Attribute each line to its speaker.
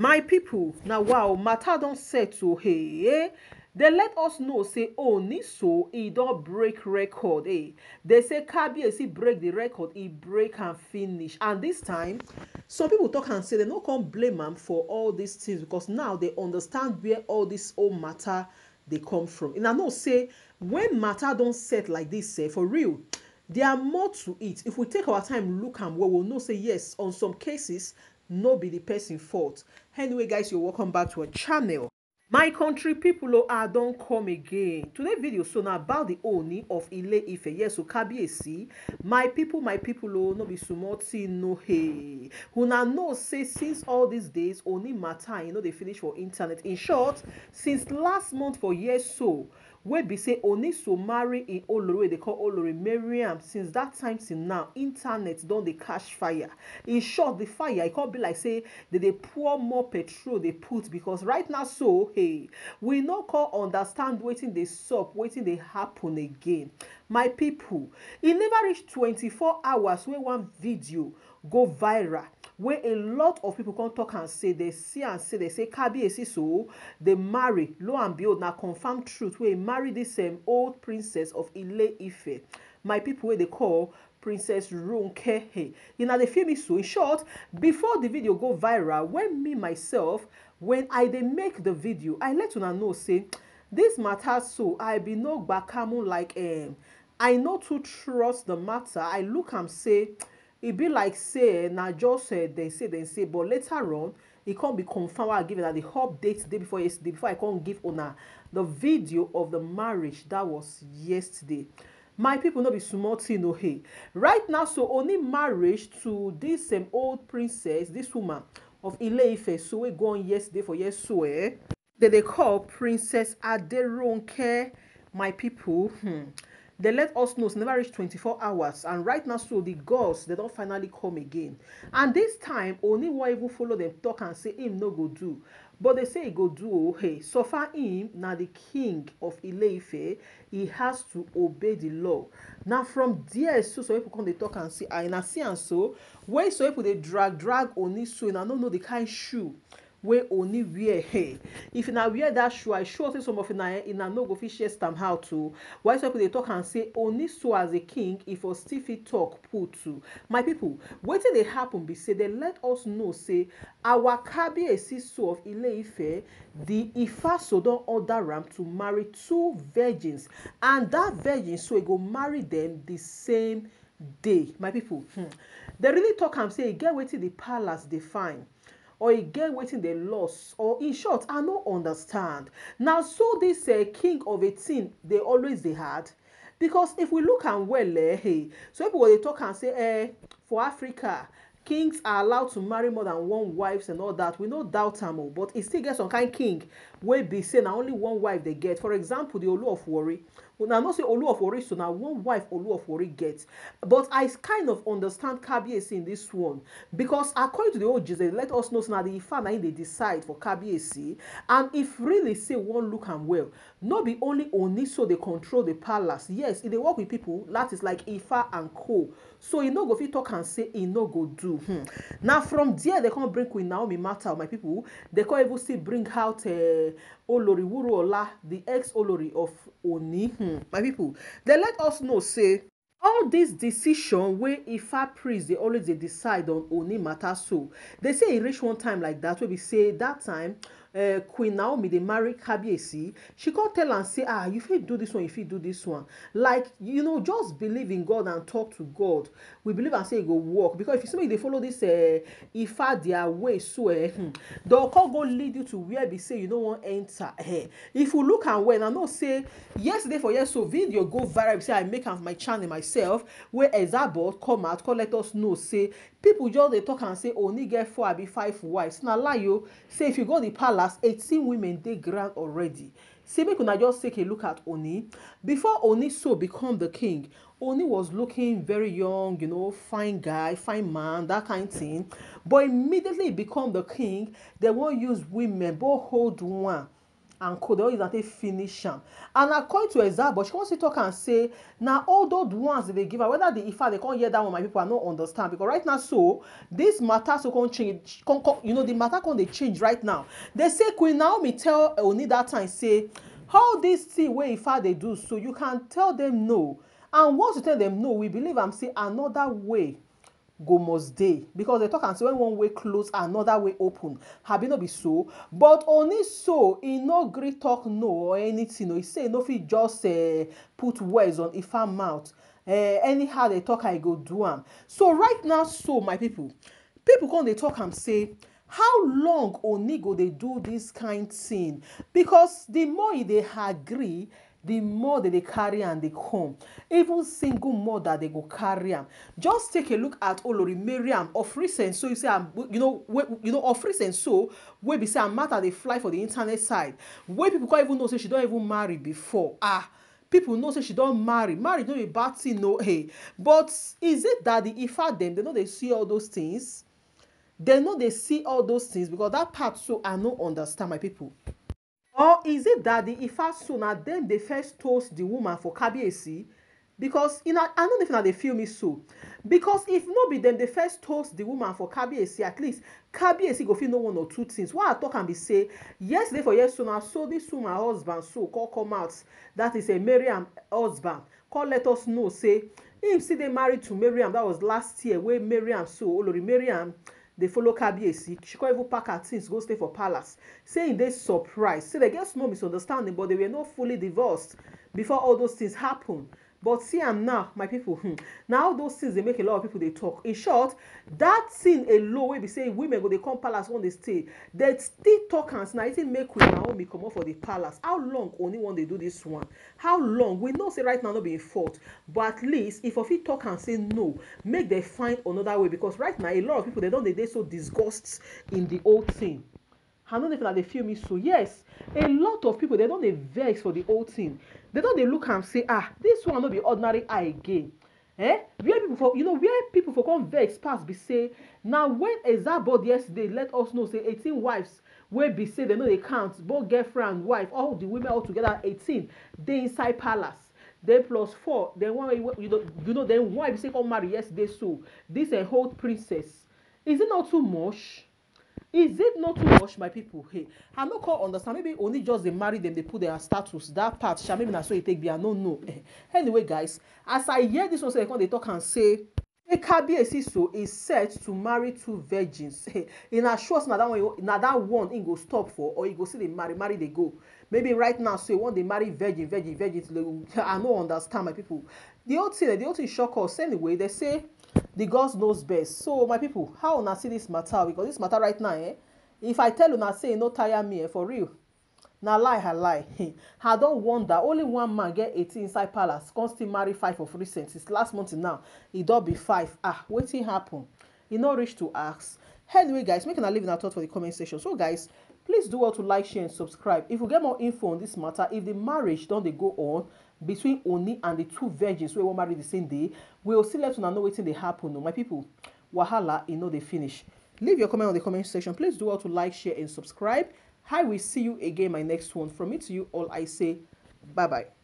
Speaker 1: my people, na wow matter don settle hey eh dey let us know say Ooni oh, so e don break record eh dey say Kabiyesi break the record e break am finish and this time some people talk am say dem no come blame am for all these things because now they understand where all this whole matter dey come from una know say when matter don set like this eh for real there are more to it if we take our time look am well we we'll know say yes on some cases no be the person fault anyway guys you're welcome back to our channel my country people oh i ah, don't come again today video so now about the Ooni of Ile Ife yes o Kabiyesi my people my people oh no be small thing no hey Who now know say since all these days Ooni matter You know they finish for internet in short since last month for years so wey be say oniso marry im olori wey dey call olori marry am since dat time till now internet don dey catch fire in short di fire e come be like say dem dey pour more petrol dey put because right now so hey we no come understand wetin dey sup wetin dey happen again my people, e never reach four hours wey one video go viral wey a lot of people come talk am say dey see am say dey say kabiyesi so dey marry lo and behold na confirmed truth wey e marry dis um, old princess of ile ife my people, wey dey call princess ronke hey, una dey feel me so in short before the video go viral when me myself when i dey make the video i let una know say this matter so i bin no gbakamu like um, i no too trust the matter i look am say e be like say um na just um eh, dem say dem say but later on e come be confirm wey i give una the update day before yesterday before i come give una the video of the marriage that was yesterday my people no be small thing o oh, hey right now so Ooni marriage to this um, old princess this woman of Ileife. so wey go on yesterday for yeso eh dem dey call princess Aderonke my people hmm. They let us know it's never reached 24 hours, and right now, so the girls they don't finally come again. And this time, only Oniwa even follow them talk and say, Him no go do. But they say he go do oh hey. So far him now the king of Ileife, he has to obey the law. Now from there so some people come they talk and say, ah na see and so. When some people they drag drag only so, una no know the kind shoe wey oni wear hey if una wear that shoe i sure say some of una eh, una no go fit share am how o why some people dey talk am say oni so as a king e for still fit talk put o my people wetin dey happen be say dem let us know say our kabiyesi so of Ileife ife the ifaso don order am to marry two virgins and that virgin so e go marry them the same day my people hmm. dem really talk am say e get wetin the palace dey find or e get wetin dem loss or in short i no understand na so this uh, king of a thing dey always dey hard because if we look am well eh so people go dey talk am say eh for africa kings are allowed to marry more than one wife and all that we no doubt am o oh, but e still get some kind king wey be say na only one wife dey get for example the olu of warri una know say of ori so na one wife of ori get but I kind of understand Kabiyesi in this one because according to the old Jesus, let us know say na the Ifa na him dey decide for Kabiyesi and if really say one look am well no be only Oniso dey control the palace yes e dey work with people that is like Ifa and co so e no go fit talk am say e no go do hmm. na from there dey come bring Queen Naomi matter my people dey come even still bring out uh, eh, Olori Wuruola the ex Olori of Oni. Hmm. Mm, my people, dem let us know say all dis decision wey ifa priest dey always dey decide on oni matter so they say e reach one time like that wey be say that time uh, queen naomi dey marry kabiyesi she come tell am say ah you fit do this one you fit do this one like you know just believe in god and talk to god we believe am say e go work because if you see me dey follow this uh, ifa their way so eh uh, hmm, dem come go lead you to where be say you no wan enter eh if you look am well i know say yesterday for yesterday so video go viral be say i make am for my channel myself wey ezabo come out come let us know say people just dey talk am say oni oh, get four abi five wives na lie o say if you go the palace eighteen women dey ground already say make una just take a look at oni before oni so become the king oni was looking very young you know fine guy fine man that kind of thing but immediately he become the king dem wan use women but hold one and co dey always use am finish am and according to but she come still talk am say na all those ones dey give her, whether the ifa dey come hear that one my people i no understand because right now so this matter so come change come come you know the matter come dey change right now They say queen naomi tell oni that time say all this thing wey ifa dey do so you can tell them no and once you tell them no we believe am say another way go must dey because they talk am say when one way close another way open abi no be so but only so e no gree talk no or anything o e say e no fit just uh, put words on ifa mouth uh, anyhow they talk i go do am so right now so my people people come dey talk am say how long oni go dey do this kind thing because the more e dey agree the more they dey carry am dey come even single mother dey go carry am just take a look at olori mariam of recent so you say am you know wey you know of recent so wey be say her matter dey fly for the internet side wey people come even know say she don even marry before ah people know say she don marry Marry, no be bad thing no hey but is it that the ifa dem dey no dey see all those things dem no dey see all those things because that part so i no understand my people or is it that the Ifasu na dem dey first toast the woman for Kabiyesi because you know I no know if una dey feel me so because if not be then dey first toast the woman for Kabiyesi at least Kabiyesi go fit no one or two things What I talk and be say yesterday for yesterday na so this woman husband so call come out that is a Mariam husband call let us know say him see they married to Mariam that was last year where Mariam so Olori Mariam dey follow kabiyesi she come even pack her things go stay for palace say e dey surprised say dem get small misunderstanding but they were not fully divorced before all those things happen but see am now my people hmm, na those things dey make a lot of people dey talk in short that thing alone wey be say women go dey come palace one dey stay dey still talk am na wetin make we naomi comot for the palace how long oni wan dey do this one how long we know say right now no be im fault but at least if ofi talk am say no make dem find another way because right now a lot of people dey don dey dey so disgust in the whole thing i no know if una dey feel me so yes a lot of people dey don dey vex for the whole thing They don dey look am say ah this one no be ordinary eye again eh where people for you know where people for come vex pass be say na when ezabod yesterday let us know say eighteen wives wey be say dem no dey count both girlfriend wife all the women all together eighteen dey inside palace then plus four then one you know you know then one be say come marry yesterday so this uh, whole princess is it not too much is it not too much my people hey i no come understand maybe only just dey marry dem dey put their status that part sha maybe na so e take be i no know eh, anyway guys as i hear this one sef i come dey talk am say ekabiesiso is set to marry two virgins una sure say na that one na that one im go stop for or e go still dey marry marry dey go maybe right now so e wan dey marry virgin virgin virgin till i no understand my people the whole thing the whole thing shock us anyway they say the gods knows best so my people how una see this matter because this matter right now eh if i tell una say e no tire me eh for real na lie i lie i don wonder only one man get eighteen inside palace come still marry five of recent since last month now e don be five ah wetin happen e no reach to ask anyway guys make una leave una thought for the comment section so guys please do well to like share and subscribe if we get more info on this matter if the marriage don dey go on between oni and the two virgins wey wan marry the same day we go still let una know wetin dey happen o oh, my people wahala e no dey finish leave your comment on the comment section please do well to like share and subscribe i will see you again my next one from me to you all i say bye bye.